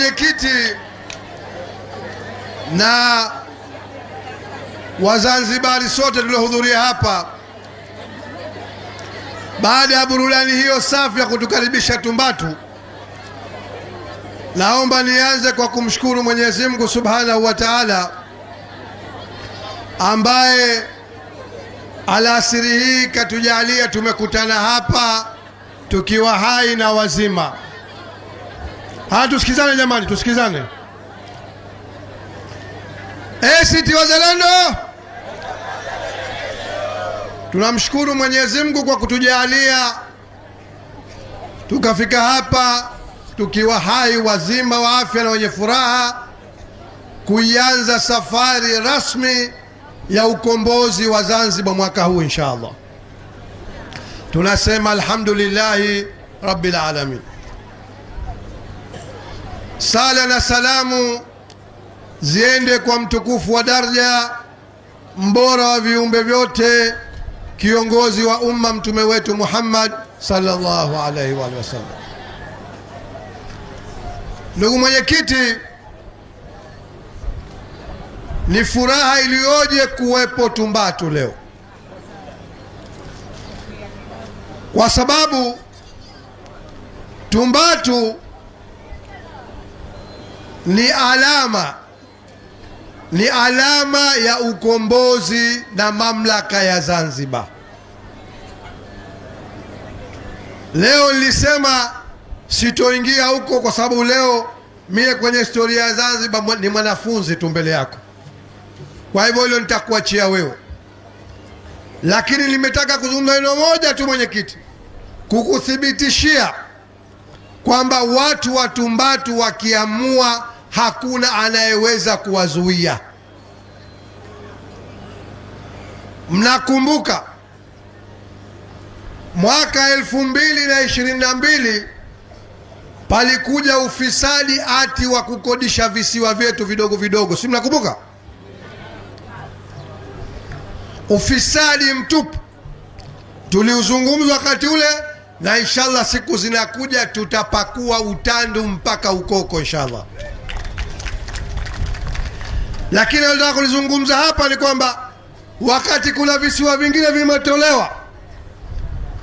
mwenyekiti na Wazanzibari sote tuliohudhuria hapa, baada ya burudani hiyo safi ya kutukaribisha Tumbatu, naomba nianze kwa kumshukuru Mwenyezi Mungu Subhanahu wa Ta'ala ambaye alasiri hii katujalia tumekutana hapa tukiwa hai na wazima. Ah, tusikizane jamani, tusikizane. ACT Wazalendo, tunamshukuru Mwenyezi Mungu kwa kutujalia tukafika hapa tukiwa hai wazima wa afya na wenye furaha kuianza safari rasmi ya ukombozi wa Zanzibar mwaka huu insha Allah. Tunasema alhamdulillahi rabbil alamin. Sala na salamu ziende kwa mtukufu wa daraja mbora wa viumbe vyote, kiongozi wa umma, mtume wetu Muhammad sallallahu alaihi wa sallam. Ndugu mwenyekiti, ni furaha iliyoje kuwepo Tumbatu leo, kwa sababu Tumbatu ni alama ni alama ya ukombozi na mamlaka ya Zanzibar. Leo nilisema sitoingia huko kwa sababu leo mie kwenye historia ya Zanzibar ni mwanafunzi tu mbele yako, kwa hivyo hilo nitakuachia wewe, lakini limetaka kuzungumza neno moja tu, mwenyekiti, kukuthibitishia kwamba watu wa Tumbatu wakiamua hakuna anayeweza kuwazuia. Mnakumbuka mwaka elfu mbili na ishirini na mbili palikuja ufisadi ati wa kukodisha visiwa vyetu vidogo vidogo, si mnakumbuka? Ufisadi mtupu tuliuzungumza wakati ule, na inshallah siku zinakuja tutapakua utandu mpaka ukoko, inshallah. Lakini alitaka kulizungumza hapa ni kwamba wakati kuna visiwa vingine vimetolewa,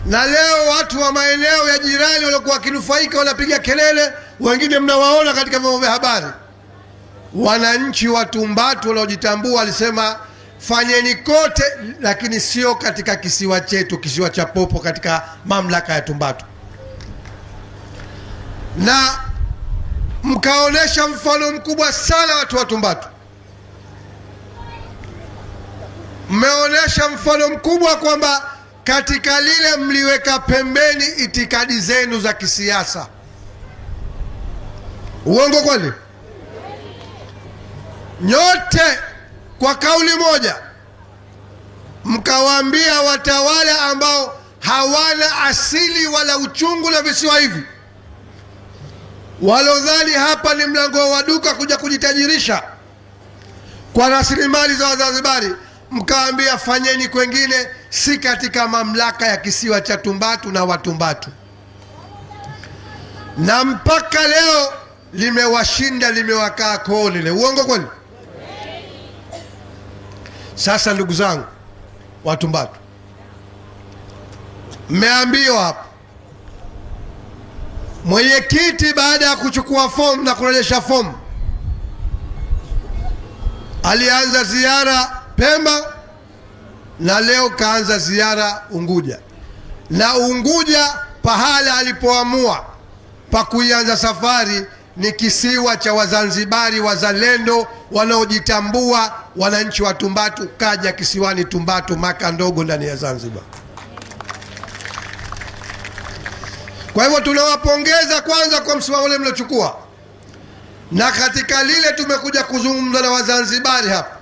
na leo watu wa maeneo ya jirani waliokuwa wakinufaika wanapiga kelele, wengine mnawaona katika vyombo vya habari. Wananchi wa Tumbatu waliojitambua alisema fanyeni kote, lakini sio katika kisiwa chetu, kisiwa cha Popo katika mamlaka ya Tumbatu, na mkaonesha mfano mkubwa sana watu wa Tumbatu mmeonyesha mfano mkubwa kwamba katika lile mliweka pembeni itikadi zenu za kisiasa. Uongo kweli? Nyote kwa kauli moja mkawaambia watawala ambao hawana asili wala uchungu na visiwa hivi, walodhani hapa ni mlango wa duka kuja kujitajirisha kwa rasilimali za Wazanzibari mkaambia fanyeni kwengine, si katika mamlaka ya kisiwa cha Tumbatu na Watumbatu, na mpaka leo limewashinda limewakaa koo lile. Uongo kweli? Sasa ndugu zangu Watumbatu, mmeambiwa hapa mwenyekiti baada ya kuchukua fomu na kurejesha fomu alianza ziara Pemba na leo kaanza ziara Unguja, na Unguja pahala alipoamua pa kuianza safari ni kisiwa cha Wazanzibari wazalendo wanaojitambua, wananchi wa Tumbatu. Kaja kisiwani Tumbatu, Maka ndogo ndani ya Zanzibar. Kwa hivyo tunawapongeza kwanza kwa msimamo ule mliochukua, na katika lile tumekuja kuzungumza na Wazanzibari hapa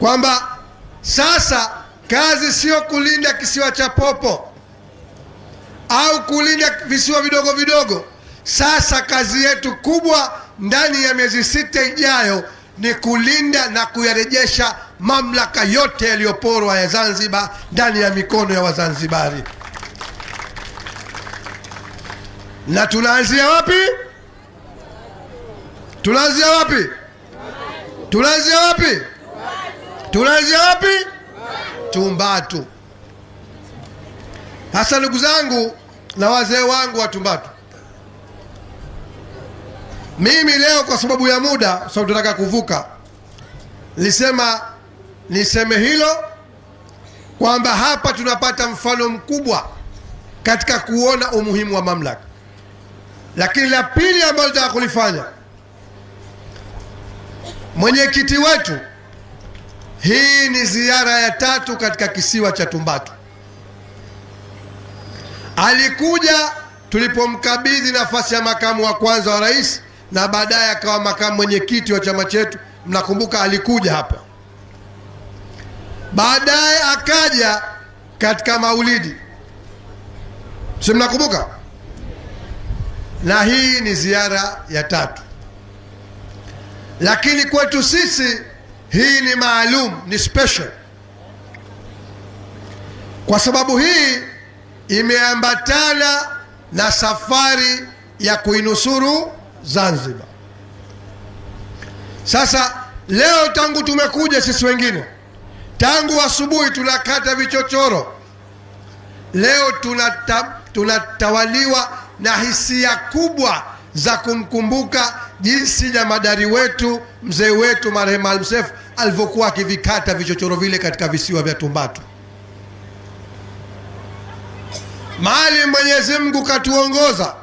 kwamba sasa kazi sio kulinda kisiwa cha Popo au kulinda visiwa vidogo vidogo. Sasa kazi yetu kubwa ndani ya miezi sita ijayo ni kulinda na kuyarejesha mamlaka yote yaliyoporwa ya Zanzibar ndani ya mikono ya Wazanzibari. Na tunaanzia wapi? Tunaanzia wapi? Tunaanzia wapi? tulaze wapi? Tumbatu. Hasa ndugu zangu na wazee wangu wa Tumbatu, mimi leo kwa sababu ya muda, kwa sababu tunataka kuvuka, nilisema niseme hilo kwamba hapa tunapata mfano mkubwa katika kuona umuhimu wa mamlaka. Lakini la pili ambalo tunataka kulifanya, mwenyekiti wetu hii ni ziara ya tatu katika kisiwa cha Tumbatu. Alikuja tulipomkabidhi nafasi ya makamu wa kwanza wa rais na baadaye akawa makamu mwenyekiti wa chama chetu. Mnakumbuka alikuja hapa, baadaye akaja katika maulidi, si mnakumbuka? Na hii ni ziara ya tatu, lakini kwetu sisi hii ni maalum, ni special, kwa sababu hii imeambatana na safari ya kuinusuru Zanzibar. Sasa leo tangu tumekuja sisi wengine, tangu asubuhi tunakata vichochoro, leo tunata, tunatawaliwa na hisia kubwa za kumkumbuka jinsi jamadari wetu mzee wetu marehemu Almsef alivyokuwa akivikata vichochoro vile katika visiwa vya Tumbatu. Mali Mwenyezi Mungu katuongoza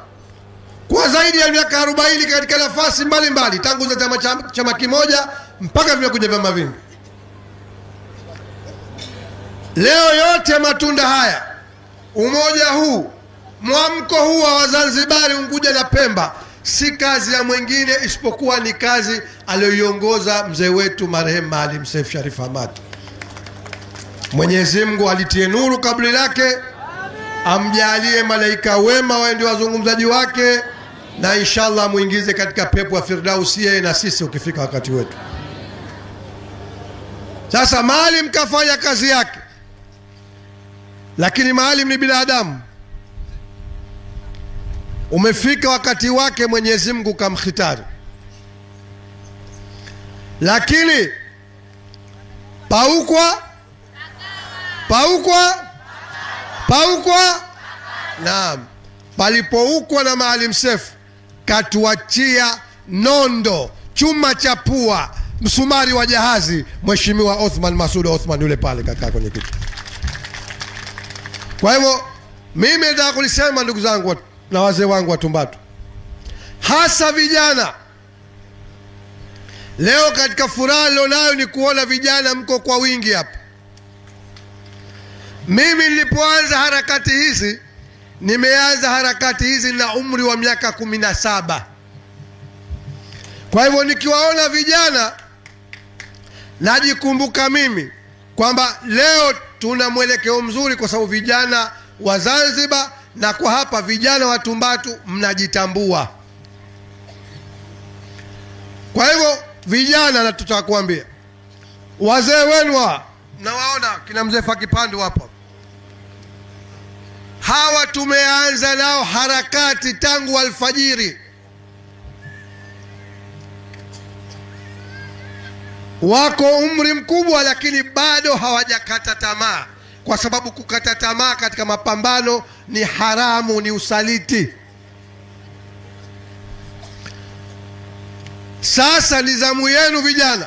kwa zaidi ya miaka 40 katika nafasi mbalimbali, tangu za chama chama kimoja mpaka vimekuja vyama vingi. Leo yote matunda haya, umoja huu, mwamko huu wa Wazanzibari Unguja na Pemba si kazi ya mwingine isipokuwa ni kazi aliyoiongoza mzee wetu marehemu Maalim Seif Sharif Hamad. Mwenyezi Mungu alitie nuru kaburi lake, amjalie malaika wema wawe ndio wazungumzaji wake, na inshallah amwingize katika pepo ya Firdausi, yeye na sisi, ukifika wakati wetu. Sasa Maalim kafanya kazi yake, lakini Maalim ni binadamu Umefika wakati wake Mwenyezi Mungu kamkhitari, lakini paukwa paukwa paukwa. Naam, palipoukwa na Maalim Seif katuachia nondo, chuma cha pua, msumari wa jahazi, Mheshimiwa Othman Masud Othman yule pale kakaa kwenye kiti. Kwa hivyo mimi nataka kulisema, ndugu zangu na wazee wangu Watumbatu, hasa vijana. Leo katika furaha nilionayo ni kuona vijana mko kwa wingi hapa. Mimi nilipoanza harakati hizi, nimeanza harakati hizi na umri wa miaka kumi na saba. Kwa hivyo nikiwaona vijana najikumbuka mimi kwamba leo tuna mwelekeo mzuri, kwa sababu vijana wa Zanzibar na kwa hapa vijana wa Tumbatu mnajitambua. Kwa hivyo vijana, na kuambia wazee wenu, nawaona kina mzee Fakipandu hapa, hawa tumeanza nao harakati tangu alfajiri. Wako umri mkubwa, lakini bado hawajakata tamaa, kwa sababu kukata tamaa katika mapambano ni haramu, ni usaliti. Sasa ni zamu yenu vijana,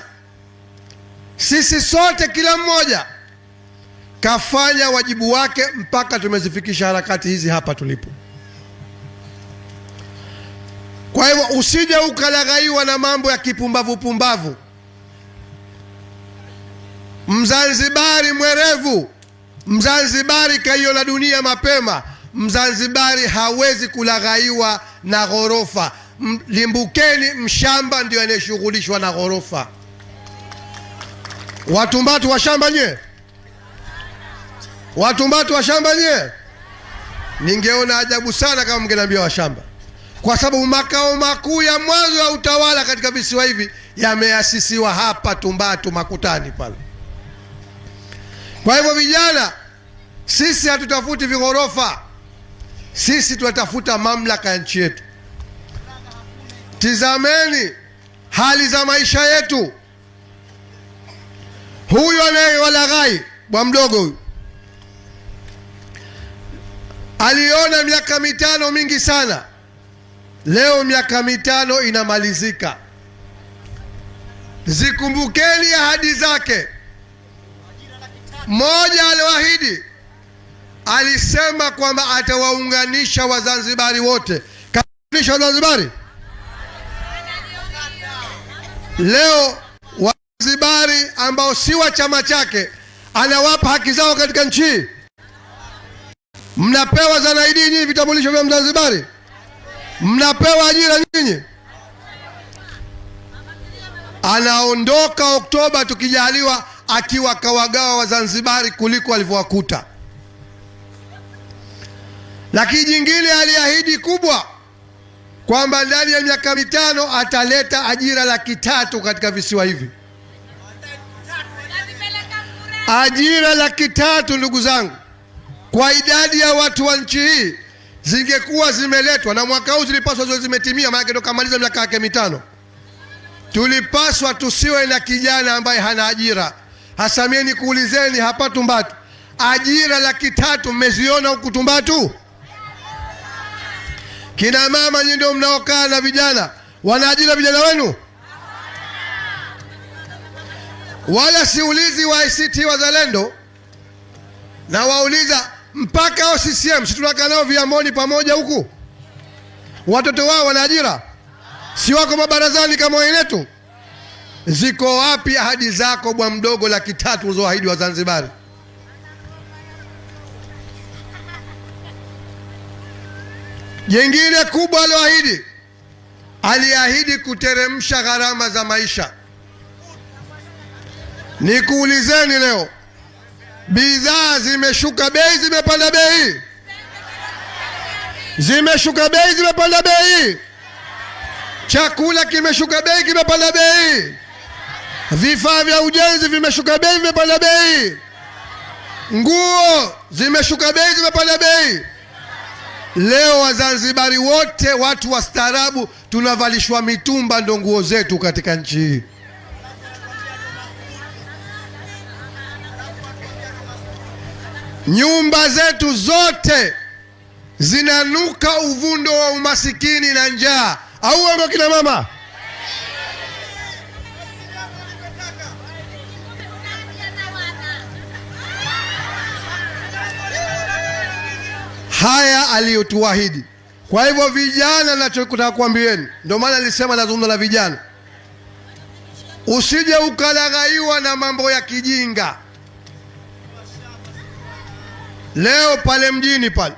sisi sote, kila mmoja kafanya wajibu wake mpaka tumezifikisha harakati hizi hapa tulipo. Kwa hivyo usije ukalaghaiwa na mambo ya kipumbavu pumbavu. Mzanzibari mwerevu Mzanzibari kaiyo la dunia mapema. Mzanzibari hawezi kulaghaiwa na ghorofa. Limbukeni mshamba ndio anayeshughulishwa na ghorofa. Watumbatu wa shamba nye, watumbatu wa shamba nye, ningeona ajabu sana kama mngeniambia washamba, kwa sababu makao makuu ya mwanzo ya utawala katika visiwa hivi yameasisiwa hapa Tumbatu Makutani pale. Kwa hivyo vijana, sisi hatutafuti vighorofa, sisi tunatafuta mamlaka ya nchi yetu. Tizameni hali za maisha yetu. Huyu anayewalaghai bwa mdogo huyu aliona miaka mitano mingi sana, leo miaka mitano inamalizika. Zikumbukeni ahadi zake. Mmoja aliwaahidi, alisema kwamba atawaunganisha Wazanzibari wote. Kaunganisha Wazanzibari leo, Wazanzibari ambao si wa chama chake anawapa haki zao katika nchi hii. Mnapewa zanaidi nyinyi, vitambulisho vya Mzanzibari, mnapewa ajira nyinyi. Anaondoka Oktoba tukijaliwa akiwa kawagawa Wazanzibari kuliko alivyowakuta. Lakini jingine aliahidi kubwa kwamba ndani ya miaka mitano ataleta ajira laki tatu katika visiwa hivi. Ajira laki tatu, ndugu zangu, kwa idadi ya watu wa nchi hii zingekuwa zimeletwa na mwaka huu zilipaswa ziwe zimetimia, maanake ndo kamaliza miaka yake mitano. Tulipaswa tusiwe na kijana ambaye hana ajira, Hasa kuulizeni nikuulizeni hapa Tumbatu, ajira laki tatu mmeziona huku Tumbatu? Kina mama nyinyi ndio mnaokaa na vijana, wanaajira vijana wenu? Wala siulizi wa ICT Wazalendo na wauliza mpaka wa CCM si tunakaa nao viamboni pamoja huku, watoto wao wana ajira, si wako mabarazani kama wenetu? Ziko wapi ahadi zako bwa mdogo, laki tatu ulizoahidi wa Zanzibari? Jengine kubwa alioahidi, aliahidi kuteremsha gharama za maisha. Nikuulizeni leo, bidhaa zimeshuka bei, zimepanda bei? Zimeshuka bei, zimepanda bei? Chakula kimeshuka bei, kimepanda bei? Vifaa vya ujenzi vimeshuka bei, vimepanda bei. Nguo zimeshuka bei, zimepanda bei. Leo Wazanzibari wote, watu wastaarabu, tunavalishwa mitumba ndo nguo zetu katika nchi hii. Nyumba zetu zote zinanuka uvundo wa umasikini na njaa, au ambao kina mama haya aliyotuahidi. Kwa hivyo vijana, nachokutaka kuambieni, ndio maana alisema nazungumza na vijana, usije ukalaghaiwa na mambo ya kijinga. Leo pale mjini pale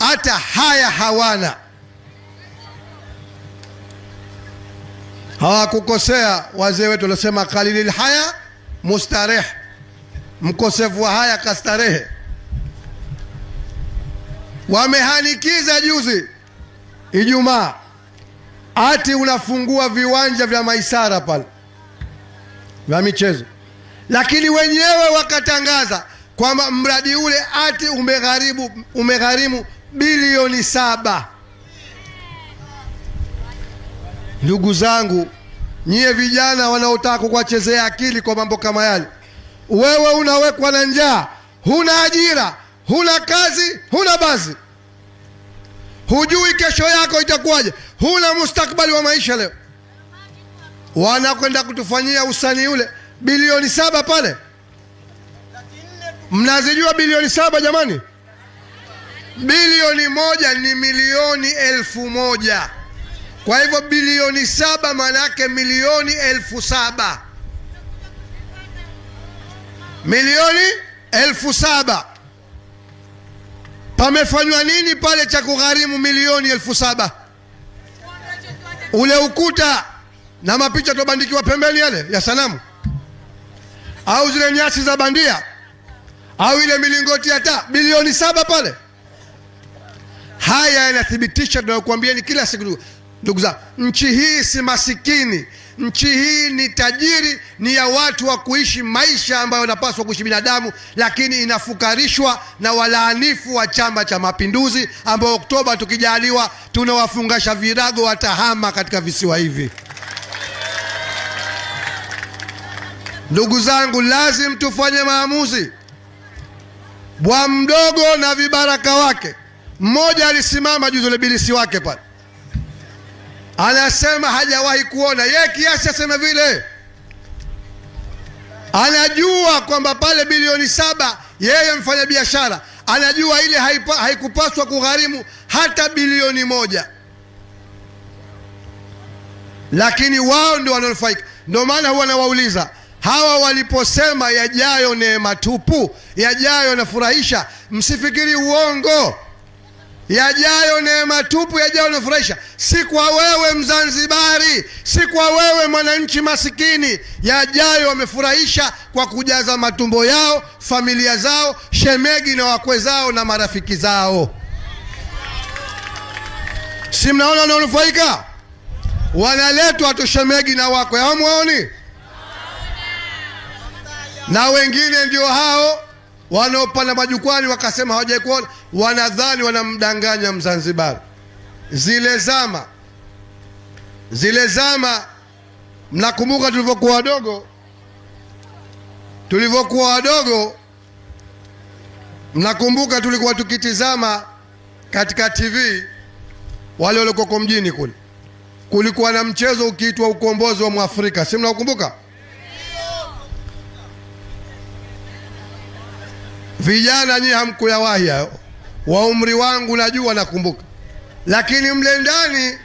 hata haya hawana, hawakukosea wazee wetu walisema, qalilil haya mustareh, mkosefu wa haya kastarehe. Wamehanikiza juzi Ijumaa, ati unafungua viwanja vya Maisara pale vya michezo, lakini wenyewe wakatangaza kwamba mradi ule ati umegharibu umegharimu bilioni saba. Ndugu zangu, nyie vijana wanaotaka kuwachezea akili kwa mambo kama yale, wewe unawekwa na njaa, huna ajira huna kazi, huna basi, hujui kesho yako itakuwaje, huna mustakbali wa maisha. Leo wanakwenda kutufanyia usanii ule bilioni saba pale. Mnazijua bilioni saba jamani? Bilioni moja ni milioni elfu moja. Kwa hivyo bilioni saba maana yake milioni elfu saba milioni elfu saba Pamefanywa nini pale cha kugharimu milioni elfu saba? Ule ukuta na mapicha tobandikiwa pembeni yale ya sanamu, au zile nyasi za bandia, au ile milingoti ya taa, bilioni saba pale. Haya yanathibitisha tunayokuambieni kila siku, ndugu zangu, nchi hii si masikini. Nchi hii ni tajiri, ni ya watu wa kuishi maisha ambayo wanapaswa kuishi binadamu, lakini inafukarishwa na walaanifu wa Chama cha Mapinduzi ambao Oktoba tukijaliwa, tunawafungasha virago, watahama katika visiwa hivi. Ndugu zangu, lazim tufanye maamuzi. Bwa mdogo na vibaraka wake, mmoja alisimama juzi ule bilisi wake pale anasema hajawahi kuona yeye kiasi, asema vile anajua kwamba pale bilioni saba, yeye mfanya biashara anajua ile haikupaswa kugharimu hata bilioni moja, lakini wao ndio wanaonufaika. Ndio maana huwa nawauliza hawa waliposema yajayo neema tupu, yajayo nafurahisha, msifikiri uongo yajayo neema tupu, yajayo yanafurahisha, si kwa wewe Mzanzibari, si kwa wewe mwananchi masikini. Yajayo wamefurahisha kwa kujaza matumbo yao, familia zao, shemegi na wakwe zao na marafiki zao. Si mnaona wanaonufaika wanaletwa tu, shemegi na wakwe hao, na wengine ndio hao wanaopanda majukwani wakasema hawajai kuona, wanadhani wanamdanganya Mzanzibari. Zile zama zile zama, mnakumbuka tulivyokuwa wadogo, tulivyokuwa wadogo, mnakumbuka tulikuwa tukitizama katika TV wale waliokoko mjini kule, kulikuwa na mchezo ukiitwa ukombozi wa Mwafrika, si mnakumbuka? Vijana nyie hamkuyawahi hayo, wa umri wangu najua, nakumbuka, lakini mle ndani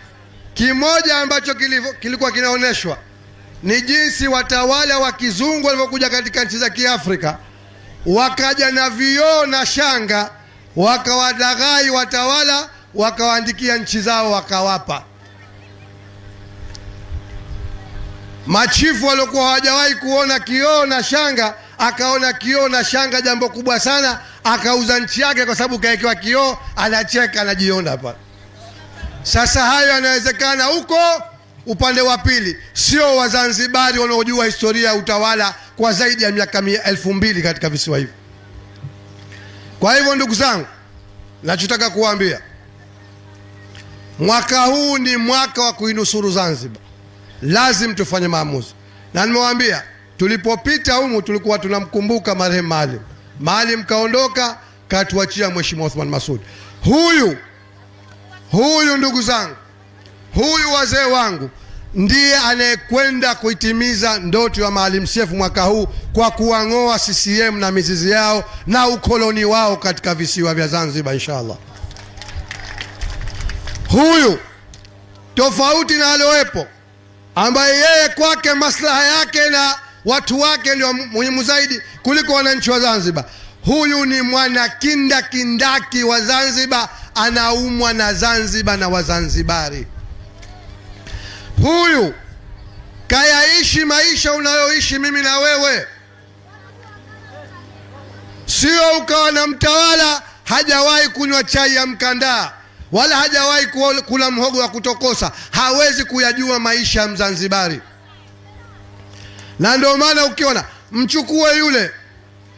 kimoja ambacho kilikuwa kinaonyeshwa ni jinsi watawala wa kizungu walivyokuja katika nchi za Kiafrika, wakaja na vioo na shanga, wakawadagai watawala, wakawaandikia nchi zao, wakawapa machifu waliokuwa hawajawahi kuona kioo na shanga akaona kioo na shanga jambo kubwa sana, akauza nchi yake kwa sababu kaekewa kioo, anacheka anajiona pale. Sasa hayo yanawezekana huko upande wa pili, sio Wazanzibari wanaojua historia ya utawala kwa zaidi ya miaka elfu mbili katika visiwa hivyo. Kwa hivyo, ndugu zangu, nachotaka kuwambia mwaka huu ni mwaka wa kuinusuru Zanzibar, lazim tufanye maamuzi, na nimewambia Tulipopita humu tulikuwa tunamkumbuka marehemu Maalim. Maalim kaondoka, katuachia Mheshimiwa Othman Masud. Huyu huyu, ndugu zangu, huyu wazee wangu, ndiye anayekwenda kuitimiza ndoto ya Maalim Seif mwaka huu kwa kuwang'oa CCM na mizizi yao na ukoloni wao katika visiwa vya Zanzibar, inshallah. Huyu tofauti na aliowepo, ambaye yeye kwake maslaha yake na watu wake ndio muhimu zaidi kuliko wananchi wa Zanzibar. Huyu ni mwana kinda kindaki wa Zanzibar, anaumwa na Zanzibar na Wazanzibari. Huyu kayaishi maisha unayoishi mimi na wewe, sio ukawa na mtawala hajawahi kunywa chai ya mkandaa wala hajawahi kula mhogo wa kutokosa, hawezi kuyajua maisha ya Mzanzibari. Na ndio maana ukiona mchukue yule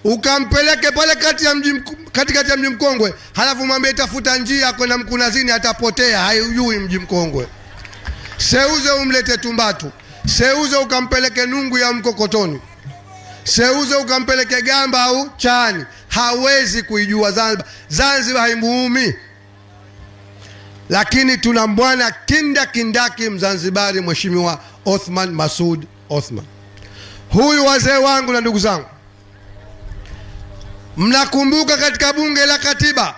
ukampeleke pale kati ya mji katikati ya mji mkongwe, halafu mwambie tafuta njia kwenda Mkunazini, atapotea, haijui mji mkongwe. Seuze umlete Tumbatu, seuze ukampeleke Nungu ya Mkokotoni, seuze ukampeleke Gamba au Chaani, hawezi kuijua Zanzibar. Zanzibar haimuumi, lakini tuna bwana kinda kindaki Mzanzibari, Mheshimiwa Othman Masud Othman. Huyu wazee wangu na ndugu zangu, mnakumbuka katika bunge la katiba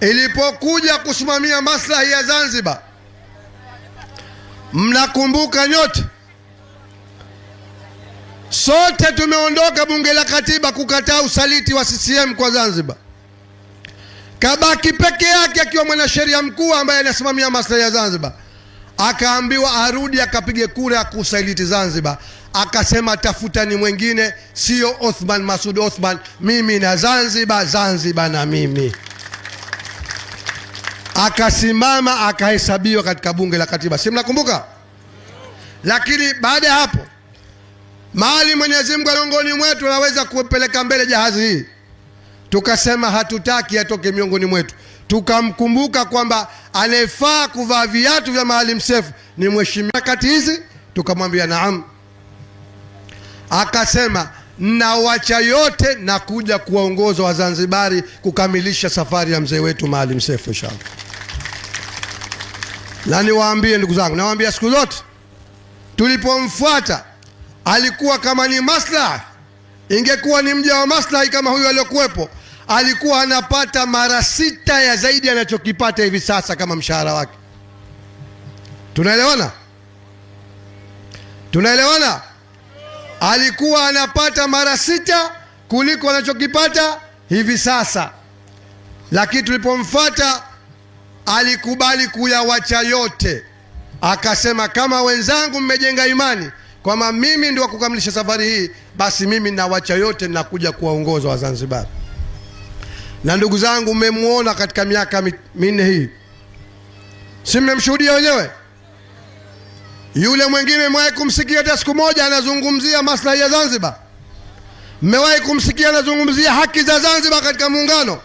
ilipokuja kusimamia maslahi ya Zanzibar, mnakumbuka nyote, sote tumeondoka bunge la katiba kukataa usaliti wa CCM kwa Zanzibar. Kabaki peke yake akiwa mwanasheria mkuu ambaye anasimamia maslahi ya Zanzibar akaambiwa arudi akapige kura ya kusaliti Zanzibar. Akasema tafutani mwengine, sio Othman Masud Othman, mimi na Zanzibar, Zanzibar na mimi. Akasimama akahesabiwa katika bunge la katiba, si mnakumbuka? Lakini baada ya hapo, mali Mwenyezi Mungu miongoni mwetu anaweza kupeleka mbele jahazi hii, tukasema hatutaki atoke miongoni mwetu tukamkumbuka kwamba anayefaa kuvaa viatu vya Maalim Seif ni mheshimiwa. Wakati hizi tukamwambia naam, akasema nawacha yote na kuja kuwaongoza Wazanzibari kukamilisha safari ya mzee wetu Maalim Seif inshallah. Na niwaambie ndugu zangu, nawaambia siku zote tulipomfuata alikuwa kama ni maslahi, ingekuwa ni mja wa maslahi kama huyu aliyokuwepo alikuwa anapata mara sita ya zaidi anachokipata hivi sasa kama mshahara wake. Tunaelewana? Tunaelewana? Alikuwa anapata mara sita kuliko anachokipata hivi sasa, lakini tulipomfuata alikubali kuyawacha yote, akasema kama wenzangu mmejenga imani kwamba mimi ndio wa kukamilisha safari hii, basi mimi nawacha yote, nakuja kuwaongoza Wazanzibari. Na ndugu zangu, mmemwona katika miaka minne hii, si mmemshuhudia wenyewe? Yule mwingine mmewahi kumsikia hata siku moja anazungumzia maslahi ya Zanzibar? Mmewahi kumsikia anazungumzia haki za Zanzibar katika Muungano?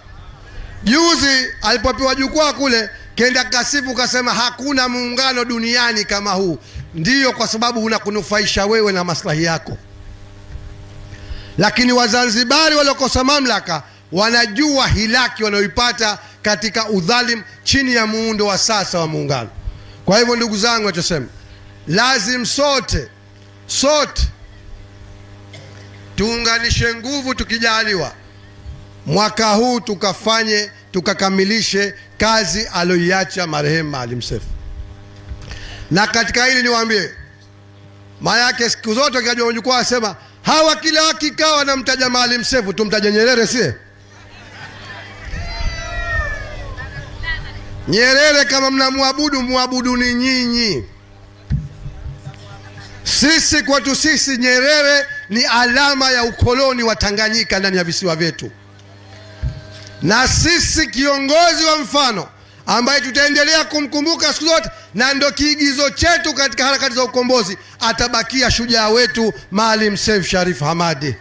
Juzi alipopewa jukwaa kule, kenda kasifu kasema hakuna muungano duniani kama huu. Ndiyo, kwa sababu unakunufaisha wewe na maslahi yako, lakini Wazanzibari waliokosa mamlaka wanajua hilaki wanayoipata katika udhalim chini ya muundo wa sasa wa muungano. Kwa hivyo ndugu zangu, nachosema lazim sote sote tuunganishe nguvu, tukijaliwa mwaka huu tukafanye tukakamilishe kazi aliyoiacha marehemu Maalim Seif. Na katika hili niwaambie, maana yake siku zote akikajua jukwaa asema hawa kila wakikaa wanamtaja Maalim Seif, tumtaje Nyerere sie Nyerere kama mnamwabudu, ni nyinyi. Sisi kwetu sisi, Nyerere ni alama ya ukoloni wa Tanganyika ndani ya visiwa vyetu, na sisi kiongozi wa mfano ambaye tutaendelea kumkumbuka siku zote, na ndo kiigizo chetu katika harakati za ukombozi, atabakia shujaa wetu Maalim Seif Sharif Hamadi.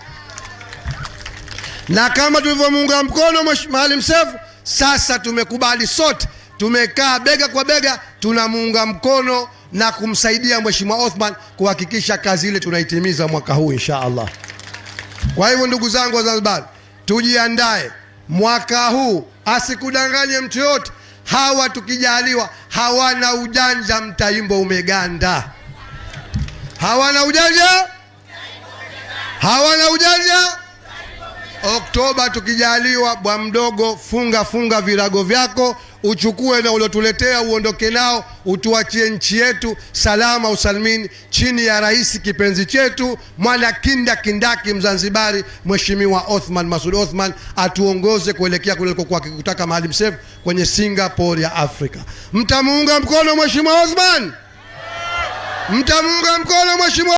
Na kama tulivyomuunga mkono Maalim Seif, sasa tumekubali sote tumekaa bega kwa bega, tunamuunga mkono na kumsaidia Mheshimiwa Othman kuhakikisha kazi ile tunaitimiza mwaka huu insha Allah. Kwa hivyo ndugu zangu wa Zanzibar, tujiandae mwaka huu, asikudanganye mtu yoyote. Hawa tukijaliwa hawana ujanja, mtaimbo umeganda. Hawana ujanja, hawana ujanja. Oktoba tukijaliwa, bwa mdogo, funga funga virago vyako uchukue na uliotuletea uondoke nao, utuachie nchi yetu salama usalimini, chini ya rais kipenzi chetu mwana kinda kindaki Mzanzibari, Mheshimiwa Othman Masud Othman, atuongoze kuelekea kule alikokuwa akikutaka Maalim Seif kwenye Singapore ya Afrika. Mtamuunga mkono Mheshimiwa Othman? Mtamuunga mkono Mheshimiwa